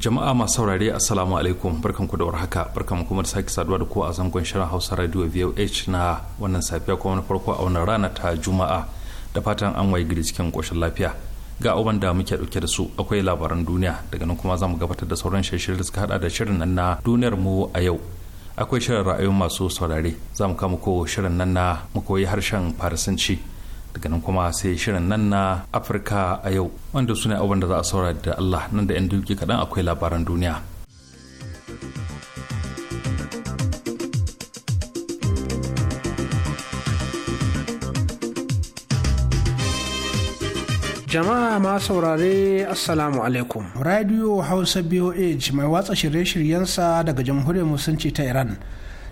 jama'a masu saurare assalamu alaikum barkan ku da warhaka barkan kuma da sake saduwa da ku a zangon shirin hausa radio voh na wannan safiya kuma na farko a wannan rana ta juma'a da fatan an waye gidi cikin koshin lafiya ga abubuwan da muke dauke da su akwai labaran duniya daga nan kuma za mu gabatar da sauran shirye da suka hada da shirin nan na duniyar mu a yau akwai shirin ra'ayoyin masu saurare za mu kama ko shirin nan na mu koyi harshen farisanci daga nan kuma sai shirin nan na afirka a yau wanda su ne abin da za a saura da allah nan da 'yan duki kaɗan akwai labaran duniya jama'a ma saurare assalamu alaikum radio hausa boh mai watsa shirye-shiryensa daga jamhuriyar musulunci ta iran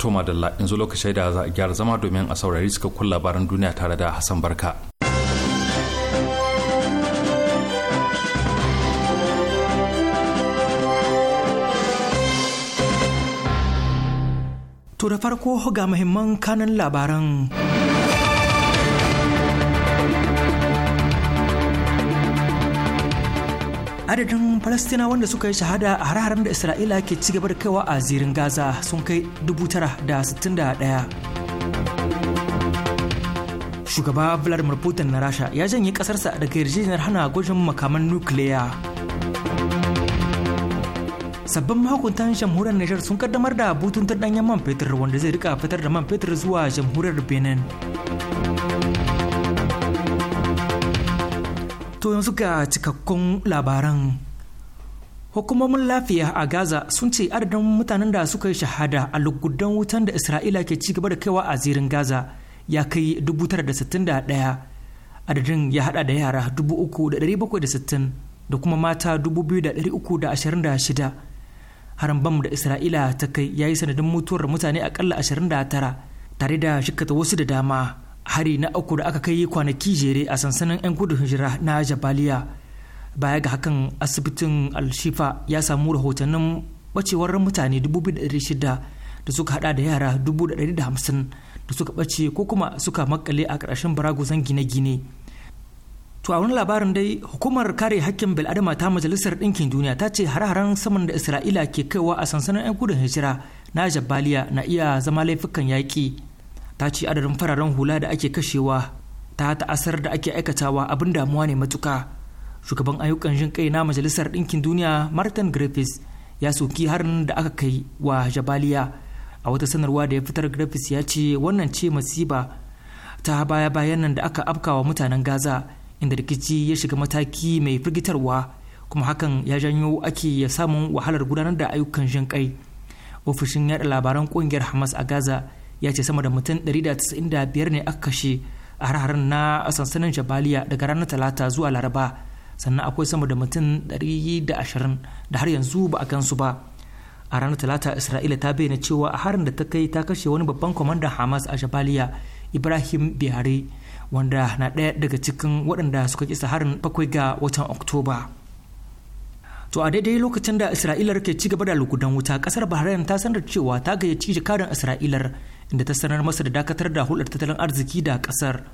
To in yanzu lokacin da za a gyara zama domin a saurari kun labaran duniya tare da Hassan Barka. To da farko ga muhimman kanan labaran. adadin falastina wanda suka yi shahada a hararen da isra'ila ke ci da kaiwa a zirin gaza sun kai 9,061 shugaba vladimir putin na rasha ya janye kasarsa daga yarjejeniyar hana gwajin makaman nukiliya sabbin mahukuntan jamhuriyar niger sun kaddamar da bututun danyen man fetur wanda zai rika fitar da man fetur zuwa jamhuriyar benin to yanzu ga cikakkun labaran hukumomin lafiya a gaza sun ce adadin mutanen da suka yi shahada a lugudan wutan da isra'ila ke cigaba da kaiwa a zirin gaza ya kai 961 adadin ya hada da yara 3,760 da kuma mata 2,326 harin bam da isra'ila ta kai ya yi sanadin mutuwar mutane akalla 29 tare da shikata wasu da dama hari na uku da aka kai kwanaki jere a sansanin 'yan gudun hijira na jabaliya baya ga hakan asibitin alshifa ya samu rahotannin bacewar mutane 2,600 da suka hada da yara 1,150 da suka bace ko kuma suka makale a ƙarshen baragozan gine-gine to a wani labarin dai hukumar kare hakkin bil'adama ta majalisar ɗinkin duniya ta ce hare-haren saman da isra'ila ke kaiwa a sansanin 'yan gudun hijira na jabaliya na iya zama laifukan yaƙi ta ce adadin fararen hula da ake kashewa ta ta'asar da ake aikatawa abin damuwa ne matuka shugaban ayyukan jin kai na majalisar ɗinkin duniya martin griffiths ya soki harin da aka kai wa jabaliya a wata sanarwa da ya fitar griffiths ya ce wannan ce masiba ta baya bayan nan da aka afkawa mutanen gaza inda rikici ya shiga mataki mai firgitarwa kuma hakan ya janyo ake ya samun wahalar gudanar da ayyukan jin kai ofishin yada labaran kungiyar hamas a gaza ya ce sama da mutum 195 ne aka kashe a harharen na sansanin jabaliya daga ranar talata zuwa laraba sannan akwai sama da mutum 120 da har yanzu ba a gansu ba a ranar talata isra'ila ta bayyana cewa a harin da ta kai ta kashe wani babban kwamandan hamas a jabaliya ibrahim bihari wanda na ɗaya daga cikin waɗanda suka kisa harin bakwai ga watan oktoba to a daidai lokacin da isra'ilar ke ci gaba da lugudan wuta ƙasar bahrain ta sanar cewa ta gayyaci jakarin isra'ilar inda ta sanar masa da dakatar da hulɗar tattalin arziki da ƙasar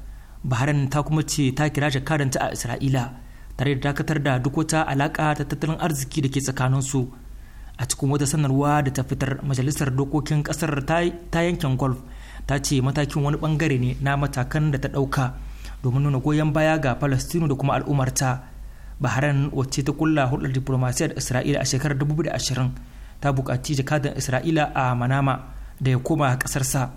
bahrain ta kuma ce ta kira jakadanta a isra'ila tare da dakatar da duk wata alaƙa ta tattalin arziki da ke tsakaninsu a cikin wata sanarwa da ta fitar majalisar dokokin ƙasar ta yankin golf ta ce matakin wani bangare ne na matakan da ta ɗauka domin nuna goyon baya ga palestino da kuma al'ummarta bahrain wacce ta kulla hulɗar diplomasiyyar isra'ila a shekarar 2020 ta bukaci jakadar isra'ila a manama da ya koma sa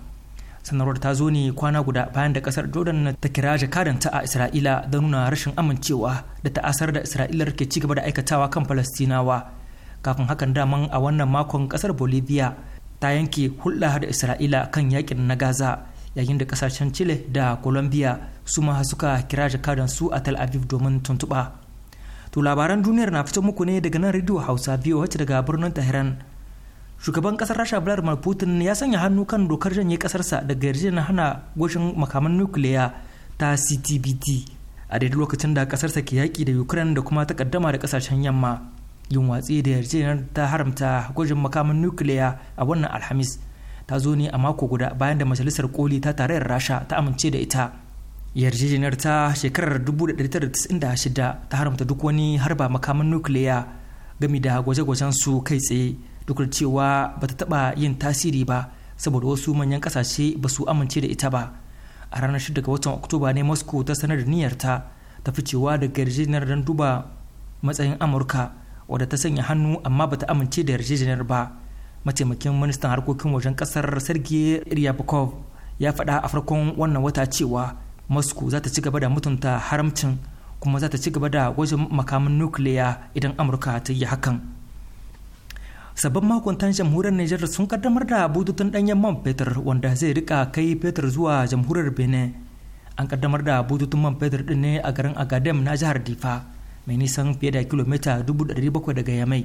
sanarwar ta zo ne kwana guda bayan da kasar jordan ta kira jakadanta a isra'ila da nuna rashin amincewa da ta'asar da isra'ila ke ci gaba da aikatawa kan falastinawa kafin hakan daman a wannan makon kasar bolivia ta yanke hulɗa da isra'ila kan yakin na gaza yayin da kasashen chile da colombia su ma suka kira jakadansu a tel aviv domin tuntuɓa to labaran duniyar na fito muku ne daga nan radio hausa biyu wacce daga birnin tehran shugaban kasar rasha vladimir putin ya sanya hannu kan dokar janye kasarsa daga yarjejeniyar hana goshin makaman nukiliya ta ctbt a daidai lokacin da kasarsa ke yaƙi da ukraine da kuma takaddama da kasashen yamma yin watsi da yarjejeniyar ta haramta gwajin makaman nukiliya a wannan alhamis ta zo ne a mako guda bayan da majalisar koli ta tarayyar rasha ta amince da ita yarjejeniyar ta shekarar 1996 ta haramta duk wani harba makaman nukiliya gami da gwaje-gwajen su kai tsaye duk cewa ba ta taɓa yin tasiri ba saboda wasu manyan ƙasashe ba su amince da ita ba a ranar 6 ga watan oktoba ne moscow ta sanar da niyyarta ta fi cewa daga yarjejeniyar don duba matsayin amurka wadda ta sanya hannu amma ba ta amince da yarjejeniyar ba mataimakin ministan harkokin wajen kasar sergei ryabkov ya faɗa a farkon wannan wata cewa moscow za ta ci gaba da mutunta haramcin kuma za ta ci gaba da wajen makamin nukiliya idan amurka ta yi hakan sabbin makuntan jamhuriyar Nijar sun kaddamar da bututun danyen man fetur wanda zai rika kai fetur zuwa jamhuriyar Benin. An kaddamar da bututun man fetur din ne a garin Agadem na jihar Difa mai nisan fiye da kilomita 700 daga Yamai.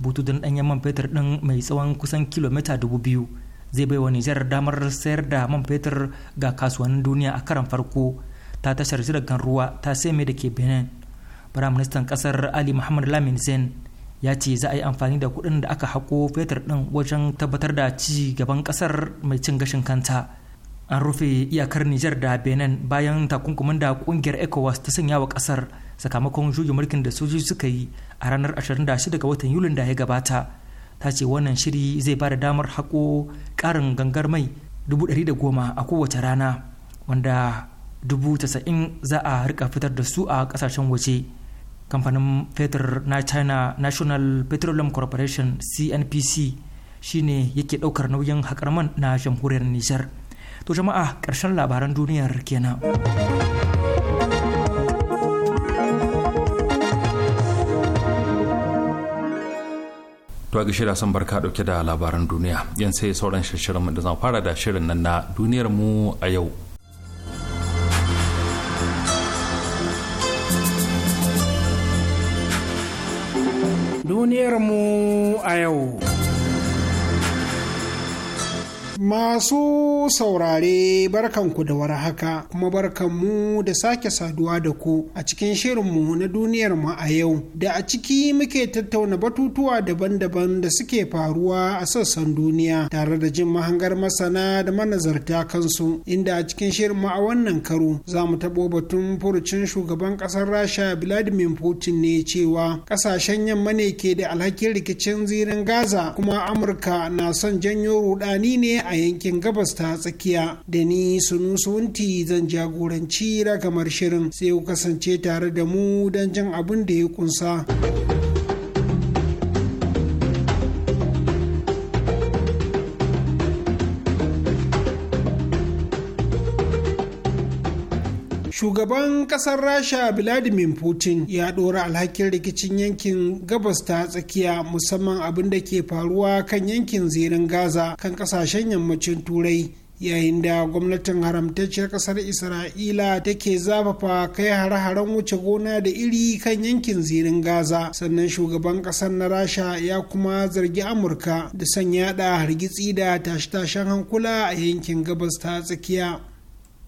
Bututun danyen man fetur din mai tsawon kusan kilomita 2000 zai baiwa Nijar damar sayar da man fetur ga kasuwannin duniya a karan farko ta tashar jiragen ruwa ta seme da ke Benin. Firaministan ƙasar Ali Muhammad Lamin Zain ya ce za a yi amfani da kuɗin da aka haƙo fetur ɗin wajen tabbatar da ci gaban ƙasar mai cin gashin kanta an rufe iyakar niger da benin bayan takunkumin da ƙungiyar ecowas ta sanya wa ƙasar sakamakon juyin mulkin da sojoji suka yi a ranar 26 ga watan yulin da ya gabata ta ce wannan shiri zai ba da damar haƙo ƙarin gangar mai 110 a kowace rana wanda 90,000 za a rika fitar da su a ƙasashen waje. kamfanin fetur na china national petroleum corporation cnpc shine yake daukar nauyin haƙar man na jamhuriyar nijar to jama'a ƙarshen labaran duniyar kenan to ga shirya son barka dauke da labaran duniya yan sai sauran shirin da zan fara da shirin nan na duniyar mu a yau duniyarmu a yau. Masu saurare barkanku da war haka kuma barkanmu da sake saduwa da ku a cikin shirin mu na duniyar mu a yau da a ciki muke tattauna batutuwa daban-daban da suke faruwa a sassan duniya tare da jin mahangar masana da manazarta kansu inda a cikin shirin mu a wannan karo za mu taɓo batun furucin shugaban ƙasar Rasha Vladimir Putin ne cewa ƙasashen yamma ne ke da alhakin rikicin zirin Gaza kuma Amurka na son janyo rudani ne a yankin gabas ta tsakiya da ni sunusunti zan jagoranci ragamar shirin sai ku kasance tare da mu don jin abin da ya kunsa. shugaban kasar rasha vladimir putin ya dora alhakin rikicin yankin gabas ta tsakiya musamman abin da ke faruwa kan yankin zirin gaza kan kasashen yammacin turai yayin da gwamnatin haramtacciyar kasar isra'ila take zafafa kai hare-haren wuce gona da iri kan yankin zirin gaza sannan shugaban kasar na rasha ya kuma zargi amurka da sanya da hargitsi da tashe-tashen hankula a yankin gabas ta tsakiya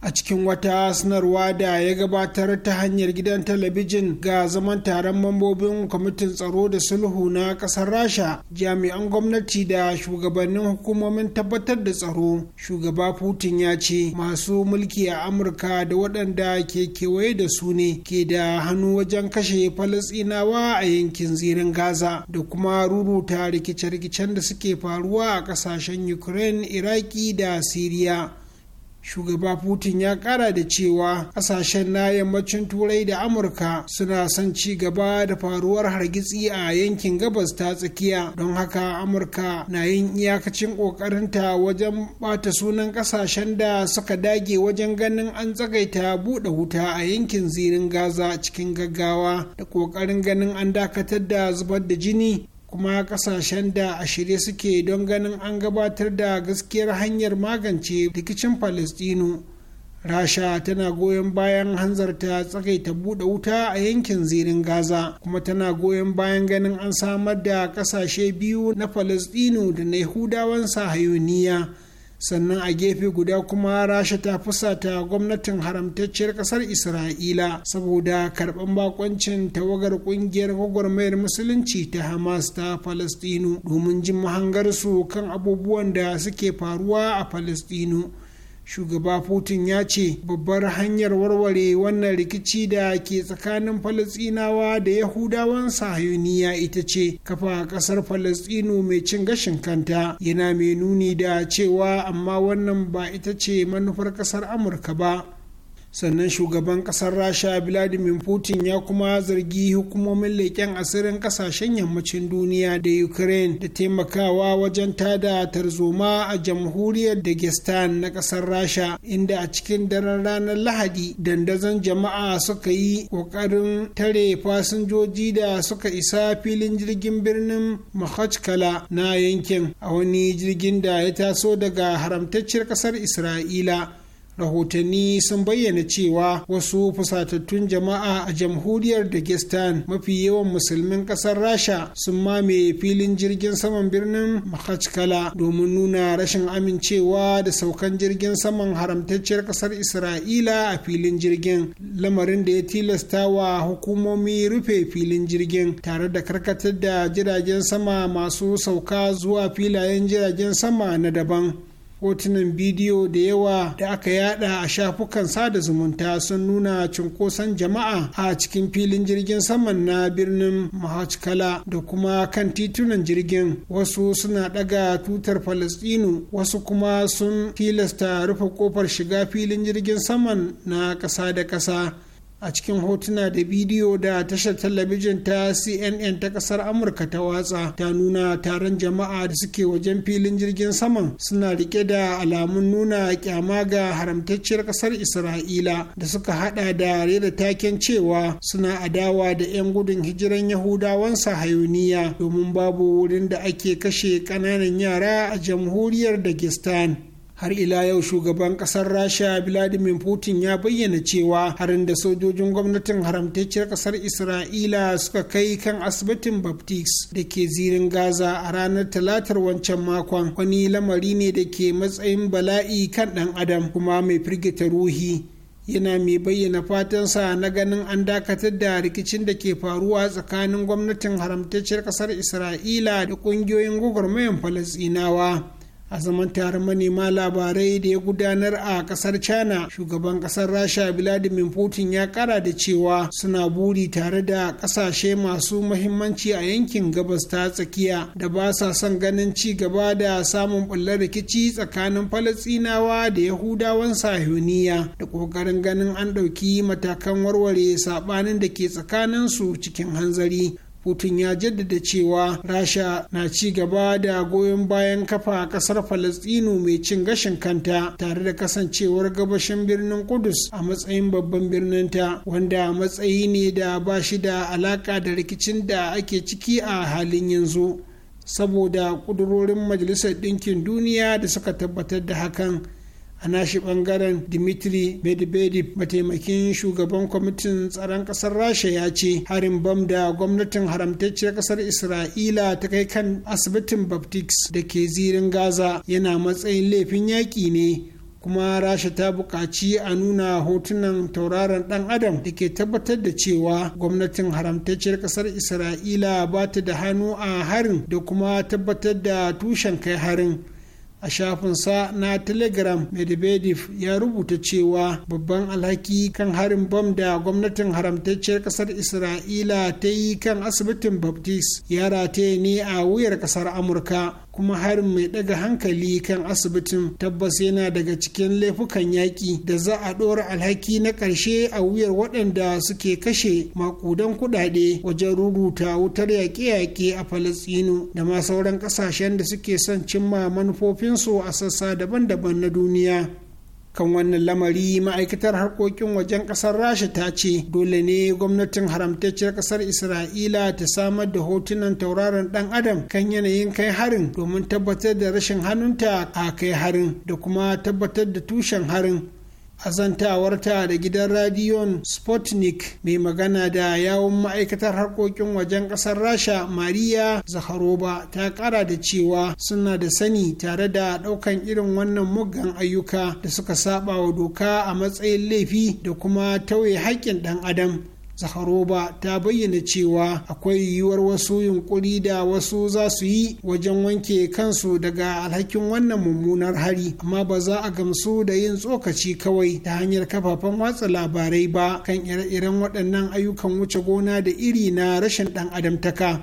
a cikin wata sanarwa da ya gabatar ta hanyar gidan talabijin ga zaman taron mambobin kwamitin tsaro da sulhu na ƙasar rasha jami'an gwamnati da shugabannin hukumomin tabbatar da tsaro shugaba putin ya ce masu mulki a amurka da waɗanda ke kewaye da su ne ke da hannu wajen kashe falasinawa a yankin zirin gaza da kuma ruruta rikice-rikicen da suke faruwa a ƙasashen ukraine iraki da siriya shugaba putin ya kara da cewa kasashen na yammacin turai da amurka suna son ci gaba da faruwar hargitsi a yankin gabas ta tsakiya don haka amurka na yin iyakacin kokarinta wajen bata sunan kasashen da suka dage wajen ganin an tsagaita buɗe wuta a yankin zirin gaza cikin gaggawa da kokarin ganin an dakatar da zubar da jini kuma kasashen da a shirye suke don ganin an gabatar da gaskiyar hanyar magance rikicin palestino rasha tana goyon bayan hanzarta tsakaita buɗe wuta a yankin zirin gaza kuma tana goyon bayan ganin an samar da kasashe biyu na palestino da na yahudawan sahayoniya sannan a gefe guda kuma rasha ta fusata gwamnatin haramtacciyar kasar isra'ila saboda karɓan bakoncin tawagar ƙungiyar gwagwarmayar musulunci ta hamas ta falastinu domin jin mahangarsu kan abubuwan da suke faruwa a falastinu shugaba putin ya ce babbar hanyar warware wannan rikici da ke tsakanin falasinawa da yahudawan sahayoniya ita ce kafa kasar falasinu mai cin gashin kanta yana mai nuni da cewa amma wannan ba ita ce manufar kasar amurka ba sannan shugaban kasar rasha vladimir putin ya kuma zargi hukumomin leƙen asirin kasashen yammacin duniya da ukraine da taimakawa wajen tada tarzoma a jamhuriyar dagestan na kasar rasha inda a cikin daren ranar lahadi dandazon jama'a suka yi ƙoƙarin tare fasinjoji da suka isa filin jirgin birnin mahajkala na yankin a wani jirgin da ya taso daga haramtacciyar kasar isra'ila rahotanni sun bayyana cewa wasu fusatattun jama'a a jamhuriyar dagestan mafi yawan musulmin kasar rasha sun mame filin jirgin saman birnin Mahajkala. domin nuna rashin amincewa da saukan jirgin saman haramtacciyar kasar isra'ila a filin jirgin lamarin da ya tilasta wa hukumomi rufe filin jirgin tare da karkatar da jiragen sama masu sauka zuwa filayen jiragen sama na daban hotunan bidiyo da yawa da aka yada a shafukan sada zumunta sun nuna cunkoson jama'a a cikin filin jirgin saman na birnin mahachkala da kuma kan titunan jirgin wasu suna daga tutar falastinu wasu kuma sun tilasta rufe kofar shiga filin jirgin saman na kasa da kasa. a cikin hotuna da bidiyo da tashar talabijin ta cnn ta kasar amurka ta watsa ta nuna taron jama'a da suke wajen filin jirgin saman suna rike da alamun nuna kyama ga haramtacciyar kasar isra'ila da suka hada da rera taken cewa suna adawa da 'yan gudun hijiran yahudawan sahayoniya domin babu wurin da ake kashe kananan yara a jamhuriyar dagestan har ila yau shugaban kasar rasha vladimir putin ya bayyana cewa harin da sojojin gwamnatin haramtacciyar kasar isra'ila suka kai kan asibitin baptist da ke zirin gaza a ranar talatar wancan makon wani lamari ne da ke matsayin bala'i kan dan adam kuma mai firgita ruhi yana mai bayyana fatansa na ganin an dakatar da rikicin da ke faruwa tsakanin gwamnatin haramtacciyar kasar isra'ila da kungiyoyin gwagwarmayan falasinawa a zaman taron manema labarai da ya gudanar a kasar china shugaban kasar rasha vladimir putin ya kara da cewa suna buri tare da kasashe masu mahimmanci a yankin gabas ta tsakiya da ba sa son ganin ci gaba da samun bullar rikici tsakanin falastinawa da yahudawan sahuniya da kokarin ganin an ɗauki matakan warware saɓanin da ke tsakaninsu cikin hanzari Putin ya jaddada cewa Rasha na ci gaba da goyon bayan kafa kasar Falastinu mai cin gashin kanta tare da kasancewar gabashin birnin Kudus a matsayin babban birninta wanda matsayi ne da ba shi da alaƙa da rikicin da ake ciki a halin yanzu. Saboda ƙudurorin Majalisar Ɗinkin Duniya da suka tabbatar da hakan. a nashi bangaren dimitri medvedev mataimakin shugaban kwamitin tsaron kasar rasha ya ce harin bam da gwamnatin haramtacciyar kasar isra'ila ta kai kan asibitin baptist da ke zirin gaza yana matsayin laifin yaƙi ne kuma rasha ta buƙaci a nuna hotunan tauraron ɗan adam da ke tabbatar da cewa gwamnatin haramtacciyar ƙasar isra'ila ba ta da hannu a harin da kuma tabbatar da tushen kai harin a shafinsa na telegram medvedev ya rubuta cewa babban alhaki kan harin bom da gwamnatin haramtacciyar kasar isra'ila ta yi kan asibitin baptist ya rataye ne a wuyar kasar amurka kuma harin mai ɗaga hankali kan asibitin tabbas yana daga cikin laifukan yaƙi da za a ɗora alhaki na ƙarshe a wuyar waɗanda suke kashe maƙudan kuɗaɗe wajen ruruta wutar yaƙe-yaƙe a falastinu da ma sauran ƙasashen da suke son cimma manufofinsu a sassa daban-daban na duniya. kan wannan lamari ma'aikatar harkokin wajen kasar rasha ta ce dole ne gwamnatin haramtacciyar kasar isra'ila ta samar da hotunan tauraron dan adam kan yanayin kai harin domin tabbatar da rashin hannunta a kai harin da kuma tabbatar da tushen harin azantawarta da gidan radiyon sputnik mai magana da yawon ma'aikatar harkokin wajen kasar rasha maria zaharova ta kara da cewa suna da sani tare da daukan irin wannan muggan ayyuka da suka saba wa doka a matsayin laifi da kuma tauye haƙƙin ɗan adam zaharoba ta bayyana cewa akwai yiwuwar wasu yunkuri da wasu za su yi wajen wanke kansu daga alhakin wannan mummunar hari amma ba za a gamsu da yin tsokaci kawai ta hanyar kafafen watsa labarai ba kan ire-iren waɗannan ayyukan wuce gona da iri na rashin ɗan adamtaka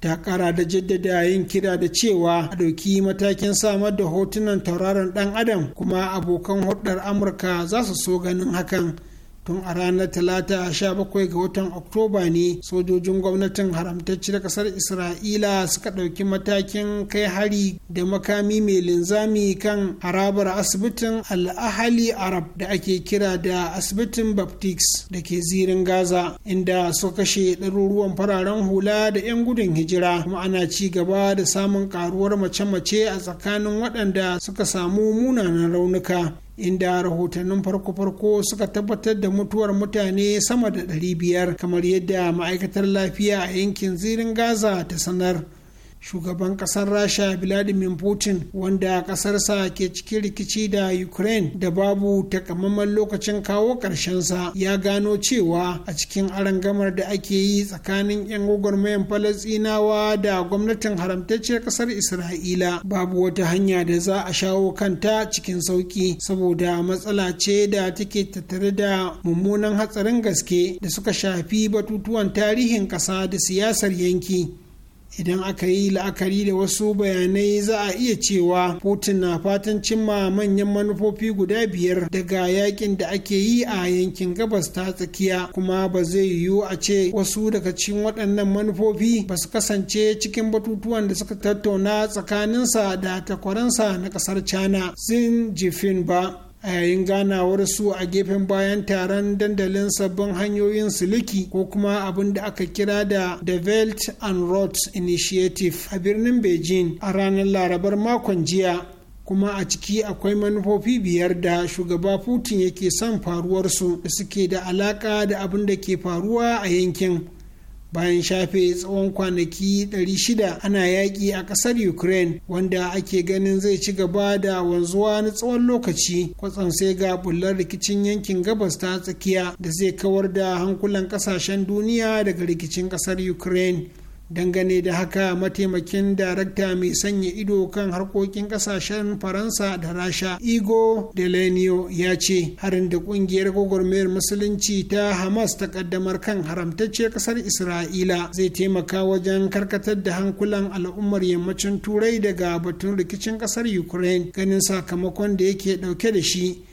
ta kara da jaddada yin kira da cewa a ɗauki matakin samar da hotunan tauraron ɗan adam kuma abokan hulɗar amurka za su so ganin hakan tun a ranar talata 17 ga watan oktoba ne sojojin gwamnatin haramtacciyar kasar isra'ila suka ɗauki matakin kai hari da makami mai linzami kan harabar asibitin al'ahali arab da ake kira da asibitin baptics da ke zirin gaza inda suka kashe ɗaruruwan fararen hula da 'yan gudun hijira kuma ana ci gaba da samun karuwar mace-mace a tsakanin waɗanda suka samu munanan raunuka inda rahotannin farko-farko suka tabbatar da mutuwar mutane sama da 500 kamar yadda ma'aikatar lafiya a yankin zirin gaza ta sanar shugaban kasar rasha vladimir putin wanda kasarsa ke cikin rikici da ukraine da babu takamaiman lokacin kawo sa ya gano cewa a cikin arangamar da ake yi tsakanin 'yan gwagwarmayan falasinawa da gwamnatin haramtacciyar kasar isra'ila babu wata hanya da za a shawo kanta cikin sauki saboda matsala ce da take tattare da mummunan hatsarin gaske da suka shafi batutuwan tarihin ƙasa da siyasar yanki idan aka yi la'akari da wasu bayanai za a iya cewa putin na fatan cimma manyan manufofi guda biyar daga yakin da ake yi a yankin gabas ta tsakiya kuma ba zai yiwu a ce wasu daga cikin waɗannan manufofi ba su kasance cikin batutuwan da suka tattauna tsakaninsa da takwaransa na ƙasar china xin jifin ba a yayin ganawar su a gefen bayan taron dandalin sabbin hanyoyin siliki ko kuma abin da aka kira da the belt and road initiative a birnin beijing a ranar larabar makon jiya kuma a ciki akwai manufofi biyar da shugaba putin yake son faruwarsu da suke da alaka da abin da ke faruwa a yankin bayan shafe tsawon kwanaki 600 ana yaƙi a ƙasar ukraine wanda ake ganin zai ci gaba da wanzuwa na tsawon lokaci kwatsam sai ga bullar rikicin yankin gabas ta tsakiya da zai kawar da hankulan ƙasashen duniya daga rikicin ƙasar ukraine dangane da haka mataimakin darakta mai sanya ido kan harkokin kasashen faransa da rasha igo delenio ya ce harin da kungiyar gwagwarmayar musulunci ta hamas ta kaddamar kan haramtacce kasar isra'ila zai taimaka wajen karkatar da hankulan al'ummar yammacin turai daga batun rikicin kasar ukraine ganin sakamakon da yake dauke da shi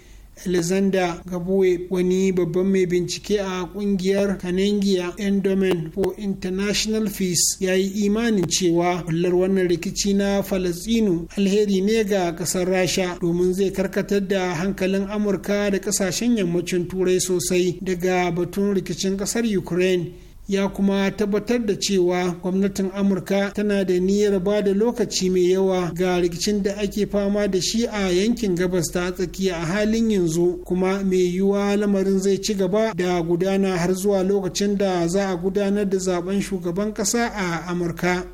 alexander gabue wani babban mai bincike a kungiyar kanengiya endomen for international peace ya yi imanin cewa kullar wannan rikici na Falasinu alheri ne ga kasar rasha domin zai karkatar da hankalin amurka da kasashen yammacin turai sosai daga batun rikicin kasar ukraine ya kuma tabbatar da cewa gwamnatin amurka tana da niyyar ba da lokaci mai yawa ga rikicin da ake fama da shi a yankin gabas ta tsakiya a halin yanzu kuma mai yiwuwa lamarin zai ci gaba da gudana har zuwa lokacin da za a gudanar da zaben shugaban kasa a amurka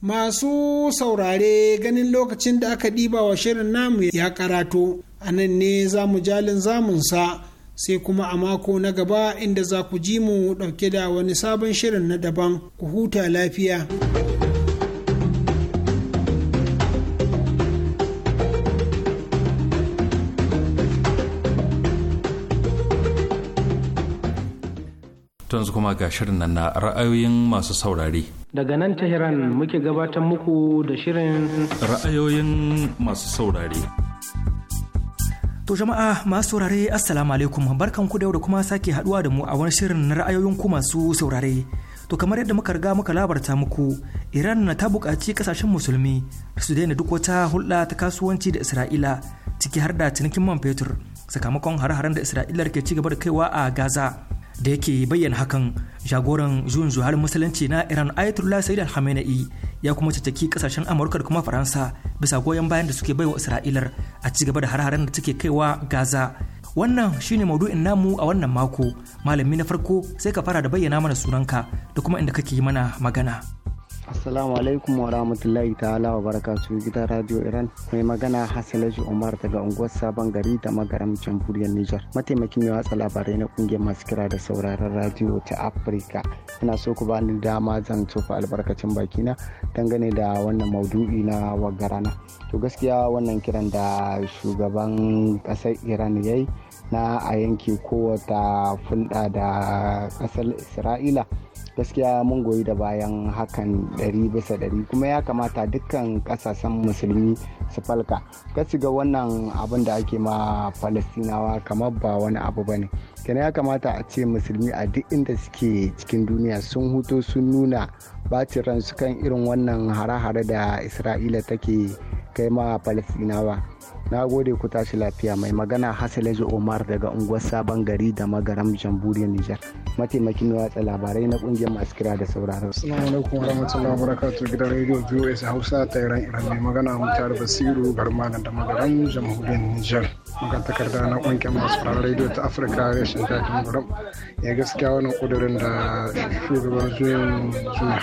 masu saurare ganin lokacin da aka ɗibawa wa shirin namu ya karato a nan ne zamu jalin zamunsa sai kuma a mako na gaba inda za ku ji mu ɗauke da wani sabon shirin na daban ku huta lafiya. yanzu kuma ga shirin nan na ra'ayoyin masu saurare. Daga nan Tehran muke gabatar muku da shirin ra'ayoyin masu saurare. To jama'a masu saurare assalamu alaikum barkan ku da yau da kuma sake haduwa da mu a wani shirin na ra'ayoyin ku masu saurare. To kamar yadda muka riga muka labarta muku Iran na ta buƙaci kasashen musulmi su daina duk wata hulɗa ta kasuwanci da Isra'ila ciki har da cinikin man fetur sakamakon hare-haren da Isra'ila ke ci gaba da kaiwa a Gaza. da yake bayyana hakan jagoran juyin zuwa musulunci na iran ayatollah sayyid al hamenai ya kuma caccaki kasashen amurka da kuma faransa bisa goyon bayan da suke baiwa isra'ilar a ci gaba da har da take kaiwa gaza wannan shine maudu'in namu a wannan mako malami na farko sai ka fara da bayyana mana sunanka da kuma inda kake yi mana magana Assalamu alaikum wa rahmatullahi ta'ala wa barakatu gidan Radio Iran mai magana hasalaji Umar daga unguwar Sabon Gari da magaram Jamhuriyar Nijar. Mataimakin mai watsa labarai na kungiyar masu kira da sauraron radio ta Afirka. Ina so ku bani dama zan tofa albarkacin bakina dangane da wannan maudu'i na wagarana. To gaskiya wannan kiran da shugaban kasar Iran ya yi na a yanke kowata fulɗa da ƙasar Isra'ila. gaskiya mun goyi da bayan hakan ɗari bisa ɗari kuma ya kamata dukkan ƙasashen musulmi su falka kasiga ga wannan abin da ake ma falastinawa kamar ba wani abu ba ne kenan ya kamata a ce musulmi a duk inda suke cikin duniya sun huto sun nuna bacin ransu kan irin wannan hare-hare da isra'ila take kai ma falastinawa na gode ku tashi lafiya mai magana hasalaji omar daga unguwar sabon gari da magaram jamhuriyar nijar mataimakin watsa labarai na kungiyar masu kira da sauraron assalamu alaikum wa wabarakatuh gidan radio vos hausa ta iran iran mai magana mutar basiru garma da magaram jamhuriyar nijar takarda na kungiyar masu fara rediyo ta afirka reshen jakin gurum ya gaskiya wannan kudurin da shugaban juyin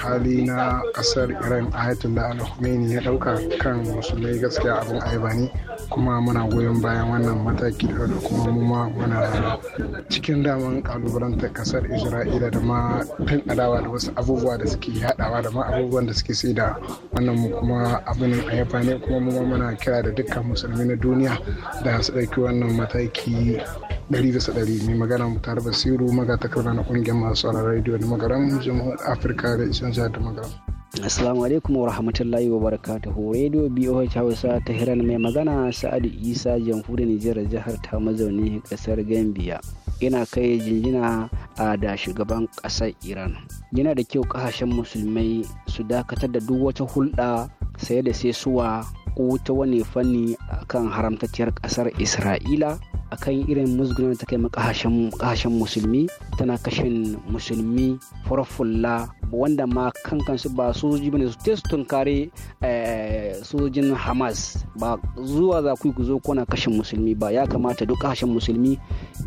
hali na kasar iran da ana khomeini ya dauka kan musulmai gaskiya abin a'ibani ne kuma muna goyon bayan wannan mataki da kuma muma muna cikin daman kalubalantar kasar isra'ila da ma fin adawa da wasu abubuwa da suke yadawa da ma abubuwan da suke sai da wannan mu kuma abin ayaba ne kuma muma muna kira da dukkan musulmi na duniya da su ɗauki wannan mataki ɗari bisa ɗari mai magana mutar basiru magatakarda na kungiyar masu ara rediyo da magaram jamhuriyar afirka da isan jihar da magaram Assalamu alaikum wa rahmatullahi wa barakatuhu. Radio BOH Hausa ta Hiran mai magana Sa'adu Isa jamhuriyar Nijar jihar ta mazauni kasar Gambia. Ina kai jinjina a da shugaban kasar Iran. Yana da kyau kasashen musulmai su dakatar da duk wata hulɗa sai da sai suwa ko ta wani fanni akan haramtacciyar kasar isra'ila akan irin musgunan ta kai makahashen musulmi tana kashin musulmi farfulla wanda ma kan kansu ba sojoji bane su testun tunkare eh, sojojin hamas ba zuwa za ku zo kona kashin musulmi ba ya kamata duk kashin musulmi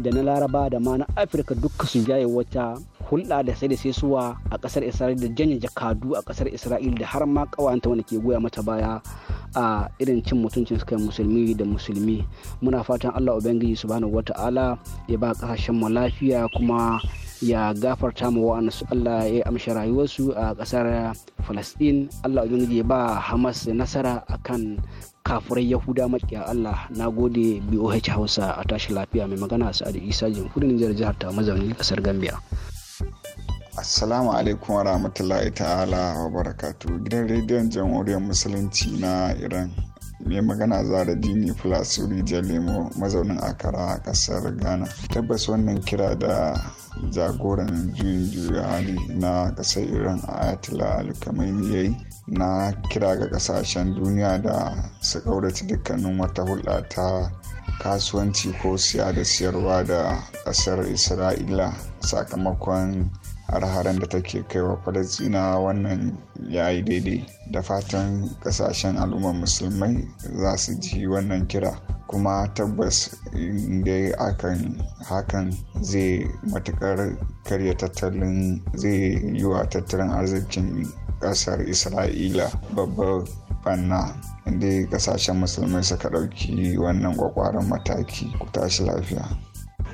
da na laraba da ma na afirka duka su jaye wata hulɗa da sai da sai suwa a ƙasar isra'il da janye jakadu a ƙasar isra'il da har ma ƙawanta wanda ke goya mata baya a irin cin mutuncin suka musulmi da musulmi muna fatan allah ubangiji subhanahu wata'ala ya ba ƙasashen mu lafiya kuma ya gafarta ma wa su Allah ya amshi rayuwarsu a ƙasar Falasɗin Allah ubangiji ya ba Hamas nasara akan kafurai Yahuda makiya Allah na gode BOH Hausa a tashi lafiya mai magana Sa'adu Isa jamhuriyar jihar ta mazauni kasar Gambia. Assalamu alaikum wa rahmatullahi ta'ala wa barakatu gidan rediyon jamhuriyar musulunci na Iran mai magana da dini fulasuri jalemo mazaunin akara a kasar ghana tabbas wannan kira da jagoran juyin juya hali na kasar iran ayatollah alkamaini ya yi na kira ga kasashen duniya da su kaurace dukkanin wata hulɗa ta kasuwanci ko siya da siyarwa da kasar isra'ila sakamakon har-haren da take kaiwa falasina wannan ya yi daidai da fatan kasashen al'ummar musulmai za su ji wannan kira kuma tabbas inda akan hakan zai matukar karya tattalin zai yi wa tattalin arzikin kasar isra'ila babbar banna inda kasashen musulmai suka ɗauki wannan kwakwaran mataki ku tashi lafiya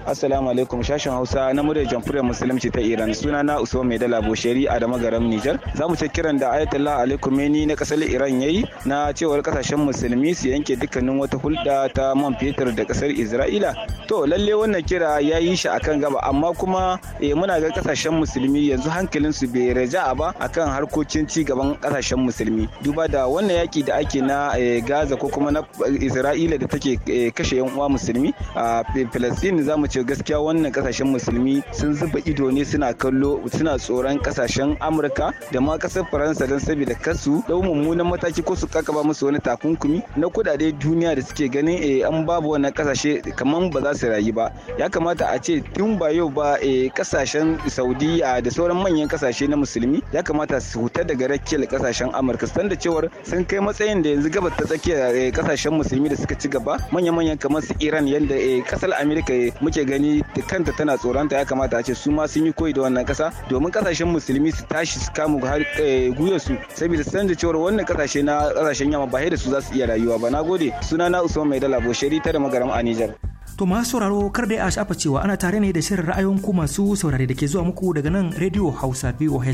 assalamu alaikum shashin hausa na muryar jamhuriyar musulunci ta iran suna na usman mai dala bosheri a da magaram nijar za mu ce kiran da ayatollah ali kumeni na kasar iran yayi na cewar kasashen musulmi su yanke dukkanin wata hulɗa ta man fetur da kasar isra'ila to lalle wannan kira ya yi shi akan gaba amma kuma e, muna ga kasashen musulmi yanzu hankalin su bai raja ba akan harkokin ci gaban kasashen musulmi duba da wannan yaki da ake na eh, gaza ko kuma na isra'ila da take eh, kashe yan uwa musulmi a Palestine za cewa gaskiya wannan kasashen musulmi sun zuba ido ne suna kallo suna tsoron kasashen amurka da ma kasar faransa don saboda kasu da mummunan mataki ko su kakaba musu wani takunkumi na kudade duniya da suke ganin e, an babu wannan kasashe kamar ba za su rayu ba ya kamata a ce tun ba yau ba e, kasashen saudiya da sauran manyan kasashe na musulmi ya kamata su huta daga rakiyar kasashen amurka san da cewar sun kai matsayin da yanzu gabas ta tsakiyar eh, kasashen musulmi da suka ci gaba manya-manyan kamar su iran yadda kasar amurka muke gani da kanta tana tsoronta ya kamata a ce su ma sun yi koyi da wannan kasa domin kasashen musulmi su tashi su kama eh, guya su saboda san da cewa wannan kasashe na kasashen yamma ba da su za su iya rayuwa ba gode suna na usman mai dala bosheri ta da magaram a nijar to masu sauraro kar da a shafa cewa ana tare ne da shirin ra'ayoyin ku masu saurare da ke zuwa muku daga nan radio hausa voh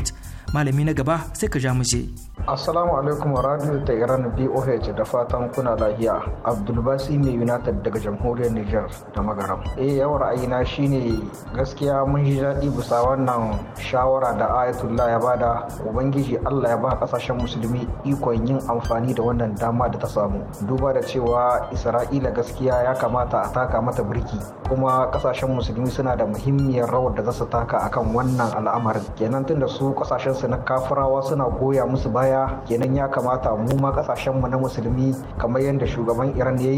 malami na gaba sai ka ja muje. assalamu alaikum radio tehran boh da fatan kuna lahiya abdulbasi ne united daga jamhuriyar niger da magaram eh yawan ra'ayina shine gaskiya mun ji daɗi bisa wannan shawara da ayatullah ya bada ubangiji allah ya ba kasashen musulmi ikon yin amfani da wannan dama da ta samu duba da cewa isra'ila gaskiya ya kamata a taka mata birki kuma kasashen musulmi suna da muhimmiyar rawar da za su taka akan wannan al'amarin kenan tunda su kasashen su na kafirawa suna goya musu baya kenan ya kamata mu ma kasashen mu na musulmi kamar yadda shugaban iran ya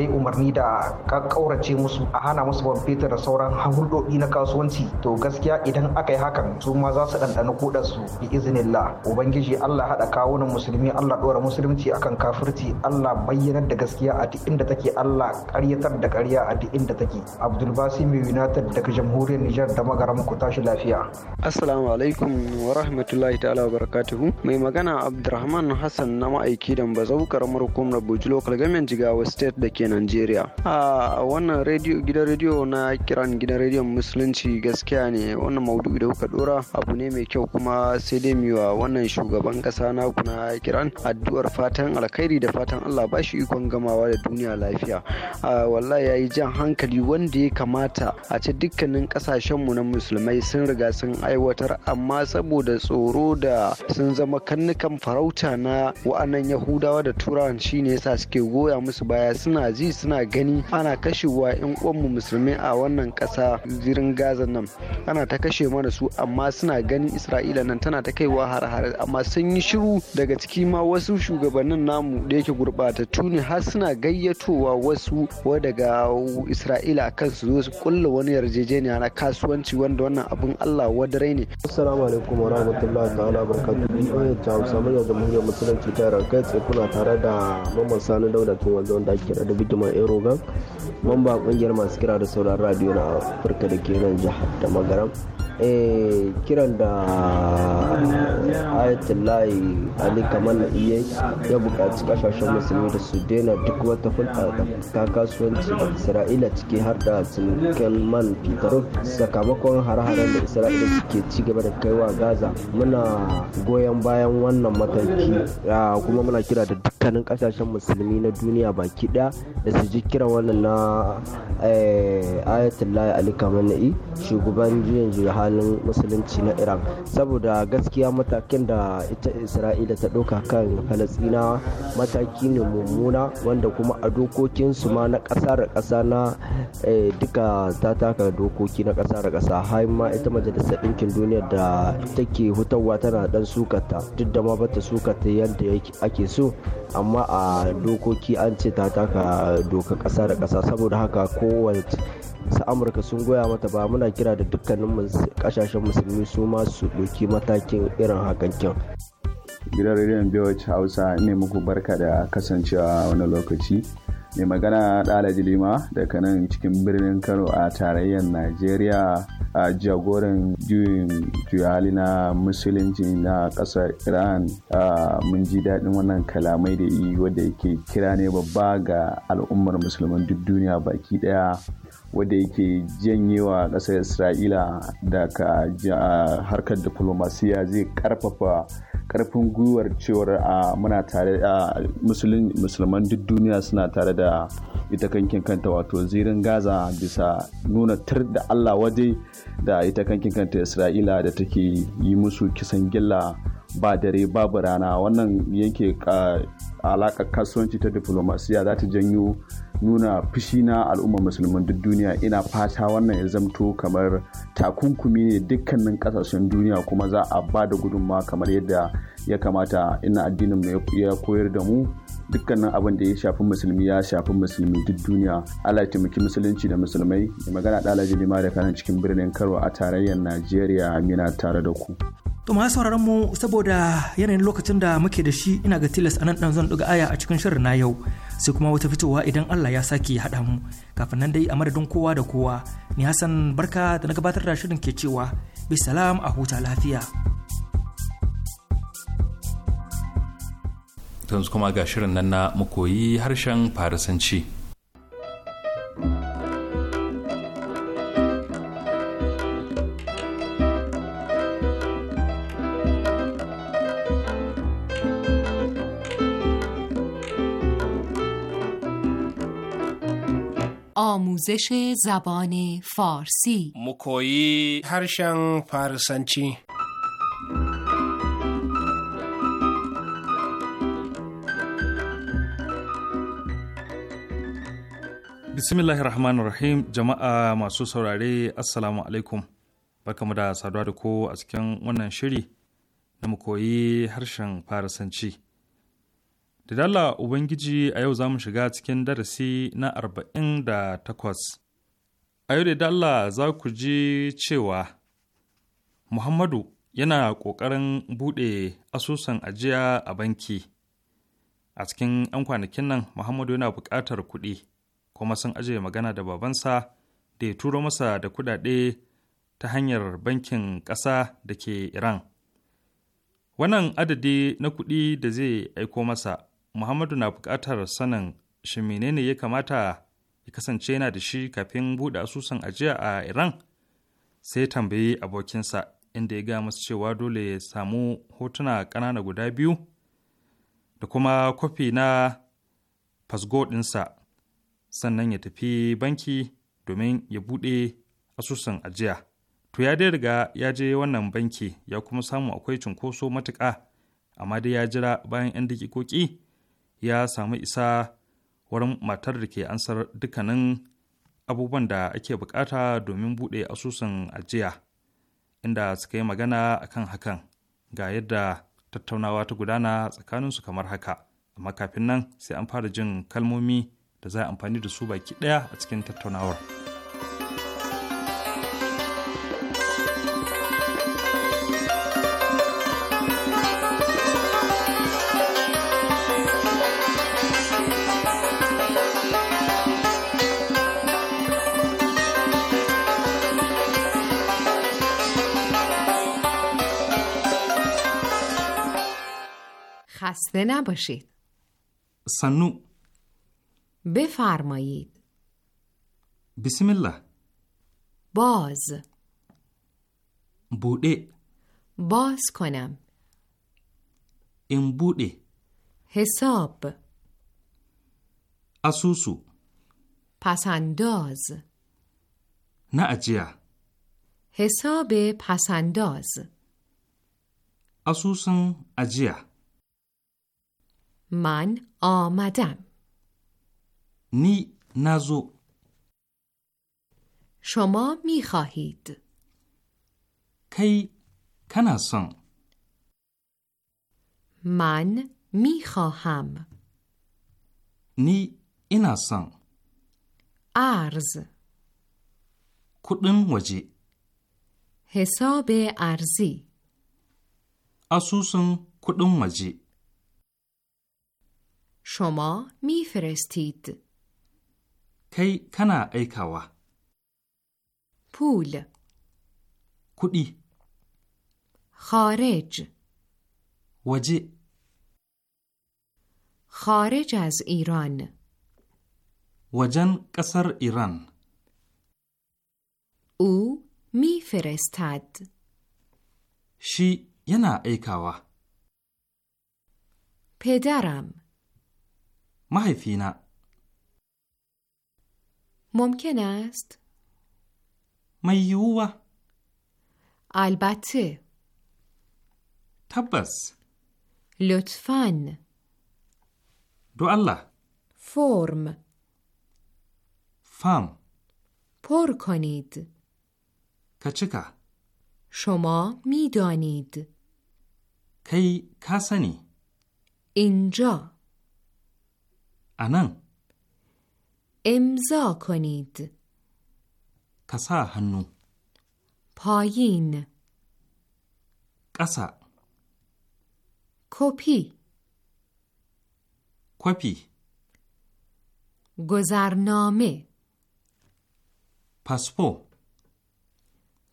yi umarni da ƙaurace musu a hana musu ban fetur da sauran hulɗoɗi na kasuwanci to gaskiya idan aka yi hakan su ma za su ɗanɗana kuɗa su bi iznillah ubangiji allah haɗa kawunan musulmi allah ɗora musulunci akan kafirci allah bayyanar da gaskiya a duk inda take allah ƙaryatar da ƙarya a duk inda take abdulbasi mai united daga jamhuriyar nijar da magaramu ku tashi lafiya assalamu alaikum wa rahmatullahi ta'ala wa barakatuhu mai magana abdurrahman hassan na ma'aiki da bazau karamar hukumar buji local government jigawa state da ke nigeria a wannan rediyo gidan rediyo na kiran gidan rediyon musulunci gaskiya ne wannan maudu'i da kuka dora abu ne mai kyau kuma sai dai wa wannan shugaban kasa na kuna kiran addu'ar fatan alkhairi da fatan allah ba shi ikon gamawa da duniya lafiya wallahi ya yi jan hankali wanda ya kamata a ce dukkanin kasashenmu na musulmai sun riga sun aiwatar amma saboda tso tsoro da sun zama kannukan farauta na wa'annan yahudawa da turawan shi ne yasa suke goya musu baya suna ji suna gani ana kashewa yan uwanmu musulmi a wannan kasa zirin gaza nan ana ta kashe mana su amma suna gani isra'ila nan tana ta kaiwa har-har amma sun yi shiru daga ciki ma wasu shugabannin namu da yake gurɓatattu ne har suna gayyatowa wasu daga isra'ila kan su zo su kulla wani yarjejeniya na kasuwanci wanda wannan abin allah wadarai ne assalamu alaikum wa rahmatullahi ta'ala barkatu biyu ta hausa murya jamhuriyar musulunci ta yaran kai tsaye kuna tare da mamman sani dauda tun wanzu wanda ake da bidiman erogan mamba kungiyar masu kira da sauran radio na afirka da ke nan jihar da magaram eh kiran da ayatollahi ali kamal ya buƙaci kasashen musulmi da su daina duk wata hulɗa ta kasuwanci da isra'ila ciki har da sinkin man fitaruf sakamakon hare-haren da isra'ila suke ci gaba da kaiwa gaza muna goyon bayan wannan mataki kuma muna kira da dukkanin kasashen musulmi na duniya baki ɗaya da su ji kiran wannan na eh, ayatollahi ali kamar shugaban juyin tsakanin musulunci na iran saboda gaskiya matakin da ita isra'ila ta ɗauka kan falastinawa mataki ne mummuna wanda kuma a dokokinsu ma na ƙasa da ƙasa na eh, duka ta taka dokoki na ƙasa da ƙasa har ma ita majalisar ɗinkin duniya da take hutawa tana ɗan sukata duk da ma bata sukata yadda ake so amma a dokoki an ce ta taka doka ƙasa da ƙasa saboda haka kowace su amurka sun goya mata ba muna kira da dukkanin kasashen musulmi su ma su ɗauki matakin irin hakankin gidan rediyon bewatch hausa ne muku barka da kasancewa wani lokaci mai magana dala jilima daga nan cikin birnin kano a tarayyar najeriya a jagoran juyin juyali na musulunci na ƙasar iran mun ji daɗin wannan kalamai da yi wadda yake kira ne babba ga al'ummar musulman duk duniya baki ɗaya wadda yake janyewa ƙasar isra'ila daga harkar diplomasiya zai karfafa karfin gwiwar cewar a muna tare a musulman duk duniya suna tare da ita kankin kanta wato zirin gaza bisa nuna tar da allah waje da ita kankin kanta isra'ila da take yi musu kisan gilla ba dare babu rana wannan yanke alaƙar kasuwanci ta diplomasiya za ta janyo nuna fushi na al'ummar musulman duk duniya ina fata wannan ya zamto kamar takunkumi ne dukkanin kasashen duniya kuma za a ba da gudunmawa kamar yadda ya kamata ina addinin ya koyar da mu dukkanin abin da ya shafi musulmi ya shafi musulmi duk duniya Allah ya taimaki musulunci da musulmai da magana dalaji lima da kanan cikin birnin karwa a tarayyar Najeriya Amina tare da ku to ma sauraron mu saboda yanayin lokacin da muke da shi ina ga tilas anan dan zan duga aya a cikin shirin na yau sai kuma wata fitowa idan Allah ya sake haɗa mu kafin nan dai a madadin kowa da kowa ni Hassan barka da na gabatar da shirin ke cewa bisalam a huta lafiya yanzu kuma ga shirin nan na mukoyi harshen farisanci آموزش زبان فارسی مکویی هرشن فارسنچی bismillahir rahmanir rahim jama'a masu saurare assalamu alaikum barkamu da saduwa da ko a cikin wannan shiri na mu koyi harshen farasanci. da dala ubangiji a yau za mu shiga cikin darasi na arba'in da takwas a yau da dala za ku ji cewa muhammadu yana ƙoƙarin buɗe asusun ajiya a banki a cikin 'yan kwanakin nan muhammadu yana buƙatar kuɗi kuma sun ajiye magana da babansa da ya turo masa da kuɗaɗe ta hanyar bankin ƙasa da ke Iran. Wannan adadi na kuɗi da zai aiko masa, Muhammadu na buƙatar sanin shi menene ya kamata ya kasance yana da shi kafin buɗe asusun ajiya a Iran? Sai tambayi abokinsa inda ya ga masa cewa dole ya samu hotuna ƙanana guda biyu da kuma kwafi na fasgo ɗinsa sannan ya tafi banki domin ya buɗe asusun ajiya. To ya dai riga ya je wannan banki ya kuma samu akwai cunkoso matuƙa, amma dai ya jira bayan 'yan dakikoki ya samu isa wurin matar da ke ansar dukkanin abubuwan da ake bukata domin buɗe asusun ajiya, inda suka yi magana akan hakan ga yadda tattaunawa ta gudana tsakaninsu kamar haka, amma kafin nan sai an fara jin kalmomi. da za a amfani da su baki daya a cikin tattaunawar. خسته نباشید. سنو بفرمایید بسم الله باز بوده باز کنم این بوده حساب اسوسو پسنداز نه اجیا حساب پسنداز اسوسن اجیا من آمدم نی نزو شما می خواهید کی کناسان من می خواهم نی ایناسن ارز کدن وجه حساب ارزی اسوسن کدن وجی شما میفرستید Kai kana aikawa. Pul. Kuɗi. Khorej. Waje. Kharejas Iran. Wajen ƙasar Iran. U mi firistat. Shi yana aikawa. pedaram Mahaifina. ممکن است؟ میوه البته تبس لطفا دو الله فرم فام پر کنید کچکا شما میدانید کی کسنی اینجا انا امضا کنید کسا هنو پایین کسا کپی کپی گذرنامه پاسپو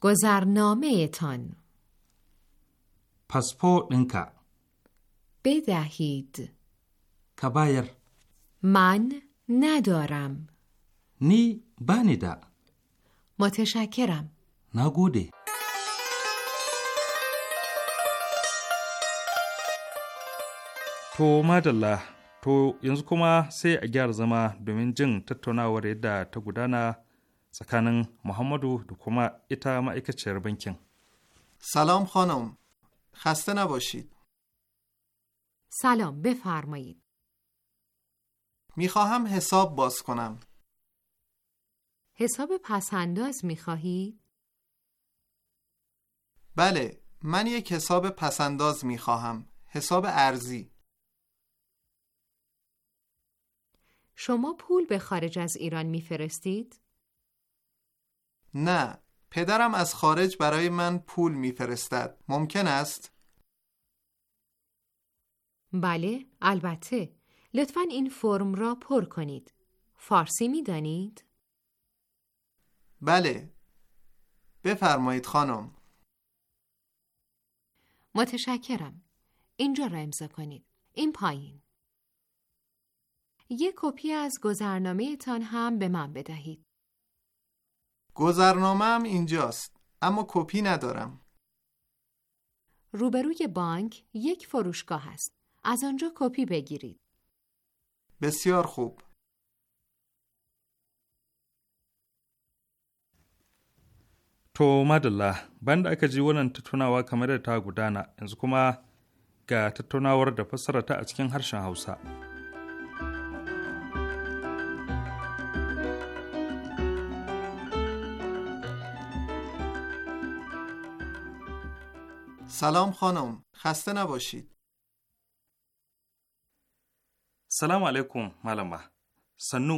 گذرنامه تان پاسپو ننکا بدهید کبایر من ندارم نی بانی دا متشکرم نگوده To madalla, to yanzu kuma sai a gyara zama domin jin tattaunawar yadda ta gudana tsakanin Muhammadu da kuma ita ma'aikaciyar bankin. Salam khanam, khasta na bashid. Salam, میخواهم حساب باز کنم. حساب پسنداز میخواهی؟ بله، من یک حساب پسنداز میخواهم. حساب ارزی. شما پول به خارج از ایران میفرستید؟ نه، پدرم از خارج برای من پول میفرستد. ممکن است؟ بله، البته. لطفا این فرم را پر کنید. فارسی می دانید؟ بله. بفرمایید خانم. متشکرم. اینجا را امضا کنید. این پایین. یک کپی از گذرنامه تان هم به من بدهید. گذرنامه هم اینجاست. اما کپی ندارم. روبروی بانک یک فروشگاه است. از آنجا کپی بگیرید. بسیار خوب To madalla banda aka ji wannan tattaunawa kamar da ta gudana yanzu kuma ga tattaunawar da fassara ta a cikin harshen Hausa. سلام خانم خسته نباشید سلام علیکم ملما سنو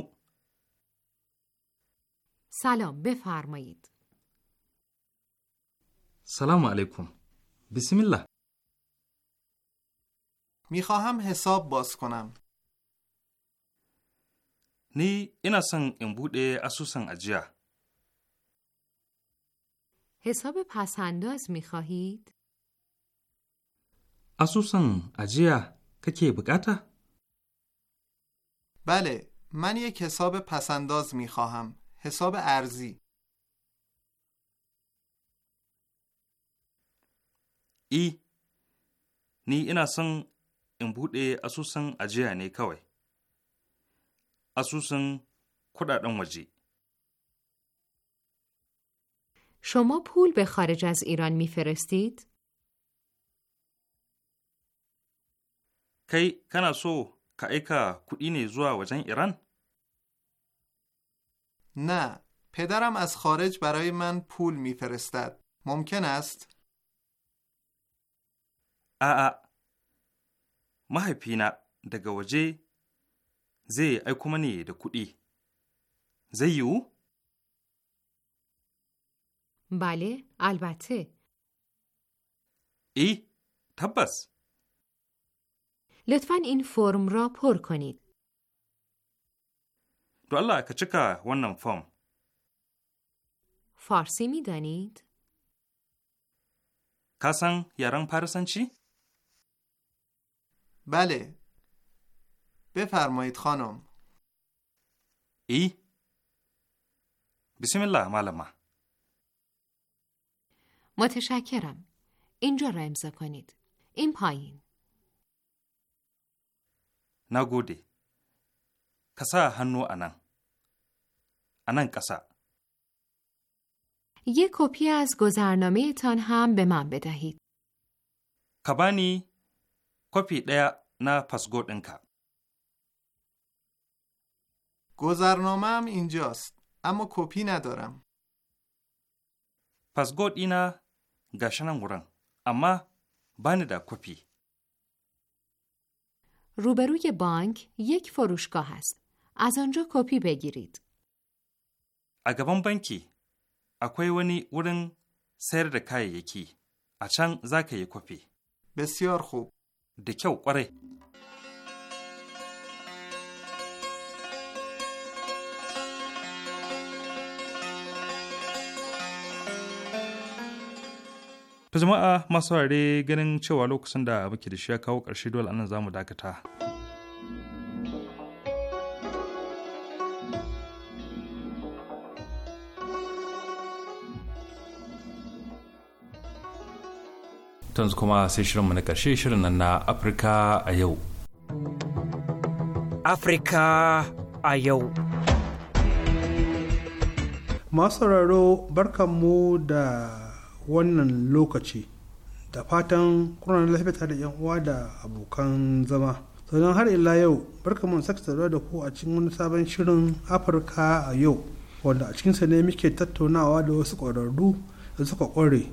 سلام بفرمایید سلام علیکم بسم الله خواهم حساب باز کنم نی اینا سن این بوده اسوسن اجیا حساب پسنداز میخواهید اسوسن اجیا که که بگاته بله من یک حساب پسنداز می خواهم حساب ارزی ای نی اینا سن in buɗe اجیه ajiya کوی kawai. وجی شما پول به خارج از ایران میفرستید؟ کی ka aika kuɗi ne zuwa wajen Iran? نه az از baraye man pul miferestad میفرستد ast است A'a. mahaifina daga waje zai aiko mani da kuɗi. Zai yiwu? Bale, albate. E, tabbas. لطفا این فرم را پر کنید. دو الله که ونم فرم. فارسی می دانید؟ کسان یاران پرسن چی؟ بله. بفرمایید خانم. ای؟ بسم الله مالما. متشکرم. اینجا را امضا کنید. این پایین. Na gode. Ka sa hannu a nan. A یه کپی از گذرنامه تان هم به من بدهید. کبانی کپی دیا نه پسگورد انکا. گذرنامه هم اینجاست اما کپی ندارم. پسگورد اینا گشنم اما بانی دا کپی. روبروی بانک یک فروشگاه است. از آنجا کپی بگیرید. اگوان بانکی اکوی ونی ورن سر دکای یکی اچان زکای کپی بسیار خوب دکیو قره ta jama'a masu ware ganin cewa lokacin da muke da shi ya kawo ƙarshe dole anan zamu dakata yanzu kuma sai shirinmu na ƙarshe shirin nan na afirka a yau afirka a yau masu sauraro barkanmu da wannan lokaci da fatan kuna lafiya da yan uwa da abokan zama sannan har ila yau barka mun saka saduwa da ku a cikin wani sabon shirin afirka a yau wanda a cikinsa ne muke tattaunawa da wasu ƙwararru da suka ƙware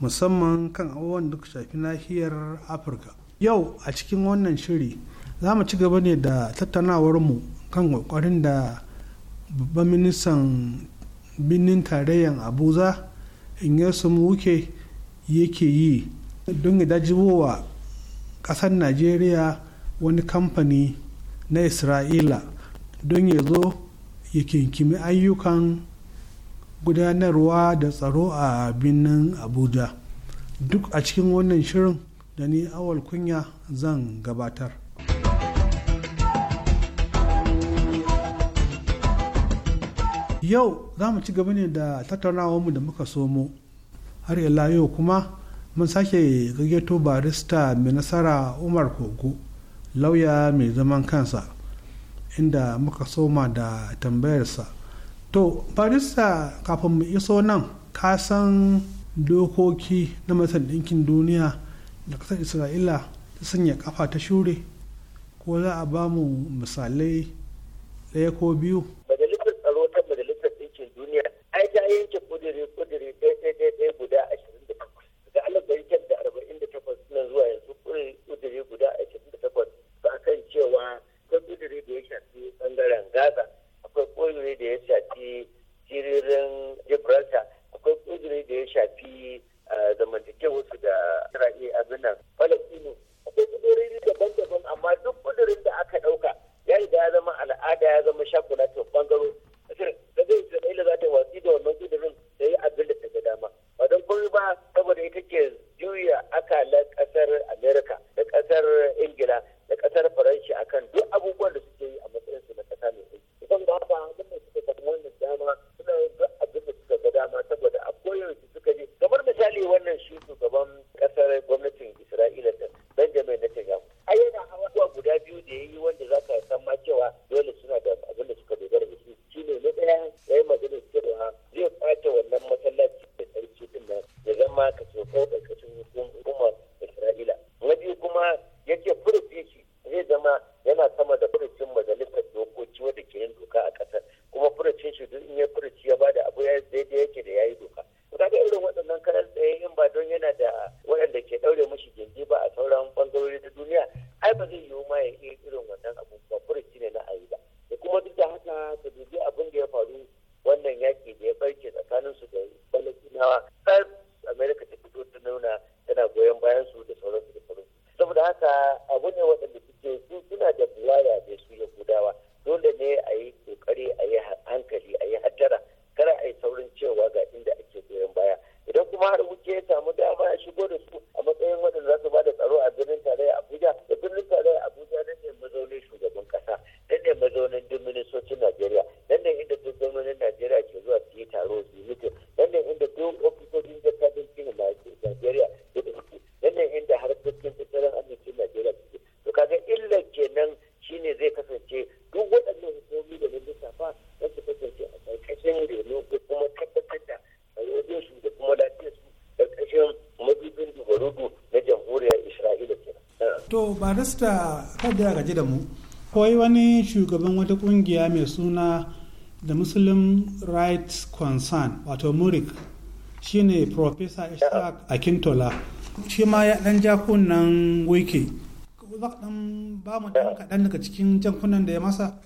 musamman kan abubuwan da shafi nahiyar afirka yau a cikin wannan shiri za mu ci gaba ne da tattaunawarmu kan ƙoƙarin da babban ministan birnin tarayyar abuja in ya muke yake yi don ya wa ƙasar najeriya wani kamfani na isra'ila don ya zo ya kinkimi ayyukan gudanarwa da tsaro a birnin abuja duk a cikin wannan shirin da ni awal kunya zan gabatar yau za mu ci gaba ne da mu da muka somo har yalla yau kuma mun sake gayyato barista mai nasara umar kogo lauya mai zaman kansa inda muka soma da tambayarsa to barista kafin mu iso nan ka san dokoki na masar ɗinkin duniya da ƙasar isra'ila ta sanya kafa ta shure ko za a ba mu misalai ɗaya ko biyu ya yanke kudiri kudiri daidai ɗaya guda barista kada ya gaji da mu kawai wani shugaban wata kungiya mai suna da muslim rights concern wato murik ne profesa ishaq akintola shi ma ya dan jakunan wiki za ka dan ba mu ɗan kaɗan daga cikin jankunan da ya masa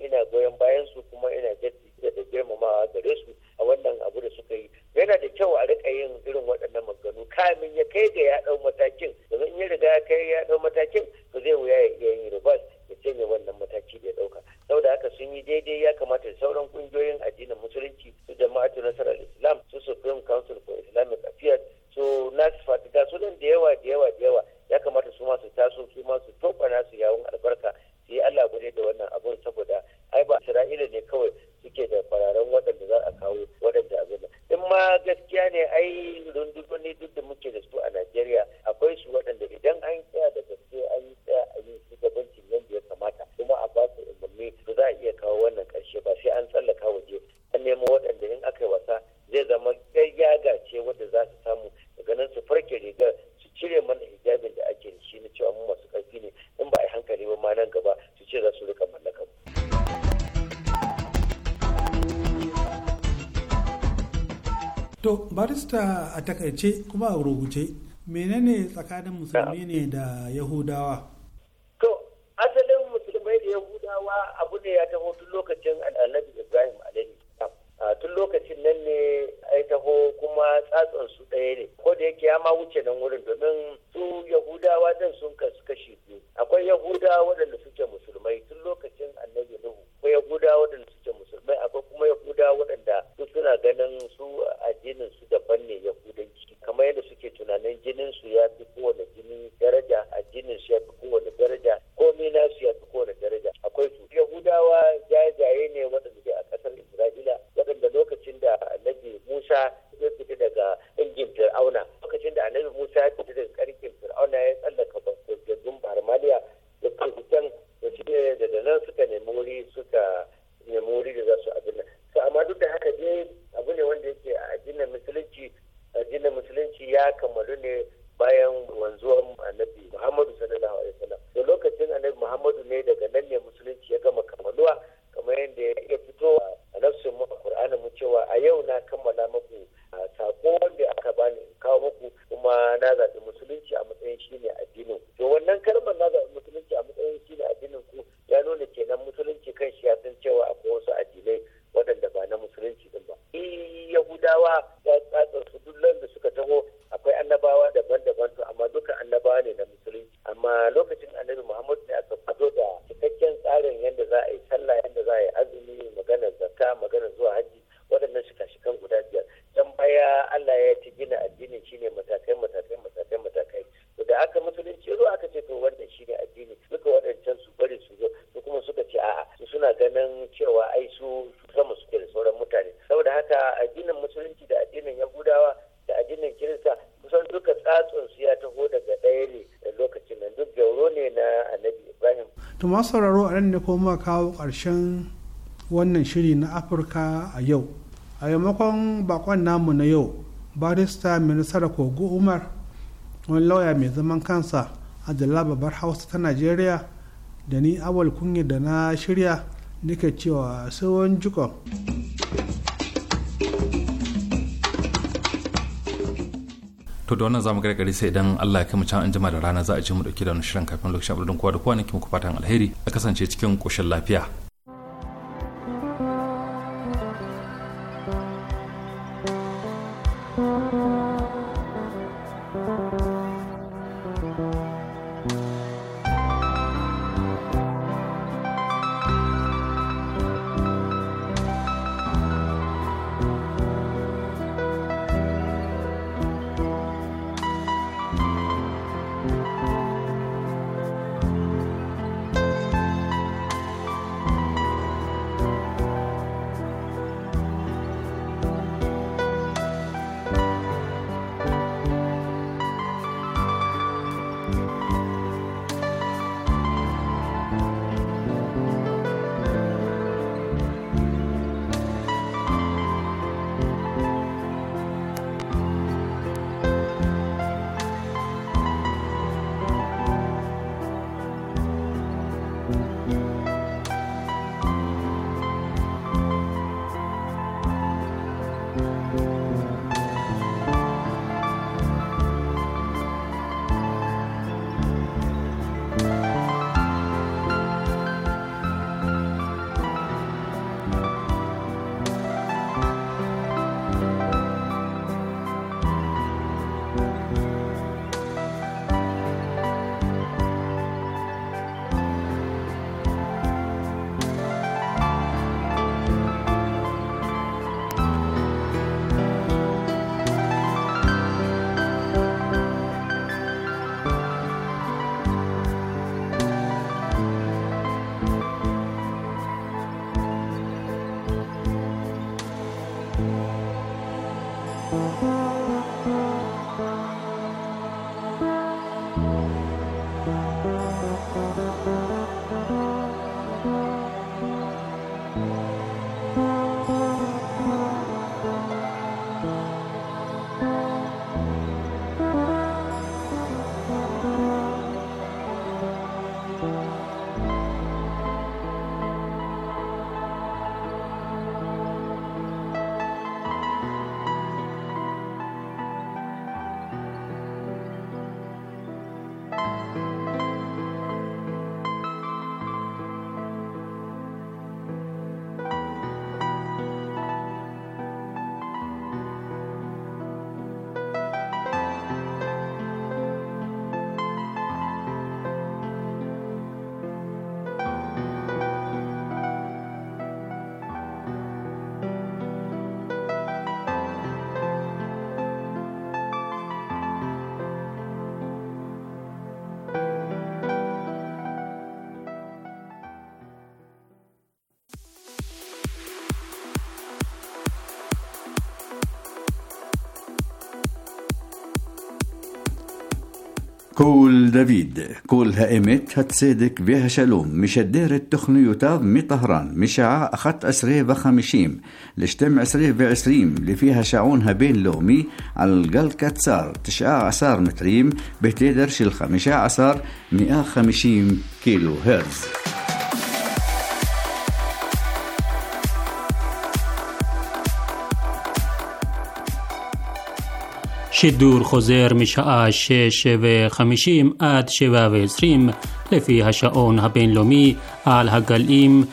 ina goyon bayan su kuma ina jaddada a takaice kuma a rubuce menene tsakanin musulmi ne da yahudawa masu sauraro a ne kuma kawo ƙarshen wannan shiri na afirka a yau a yammakon bakon namu na yau barista mai nasara kogo umar wani lauya mai zaman kansa a jala babbar hausa ta najeriya da ni awal kunya da na shirya nake cewa sai wani jikon to da wannan zamu gargare sai idan Allah ya kai mu can an jima da rana za a ce mu dauki da wani shirin kafin lokacin abudin kowa da kowa ne ke muku fatan alheri a kasance cikin koshin lafiya كول دافيد كول هائمت هتصدق بها شالوم مش الدير التخني يوتاب مي طهران مشاع أخت أسري بخمشيم لشتم أسري بعسريم اللي فيها شاعونها بين لومي على القل كتسار تشعى عصار متريم بتدرش الخمشة عصار مئة خمشيم كيلو هرتز دور خوزر میشه شش و خمیشیم اد شوه و زریم لفی هشه هبین لومی آل هگل ایم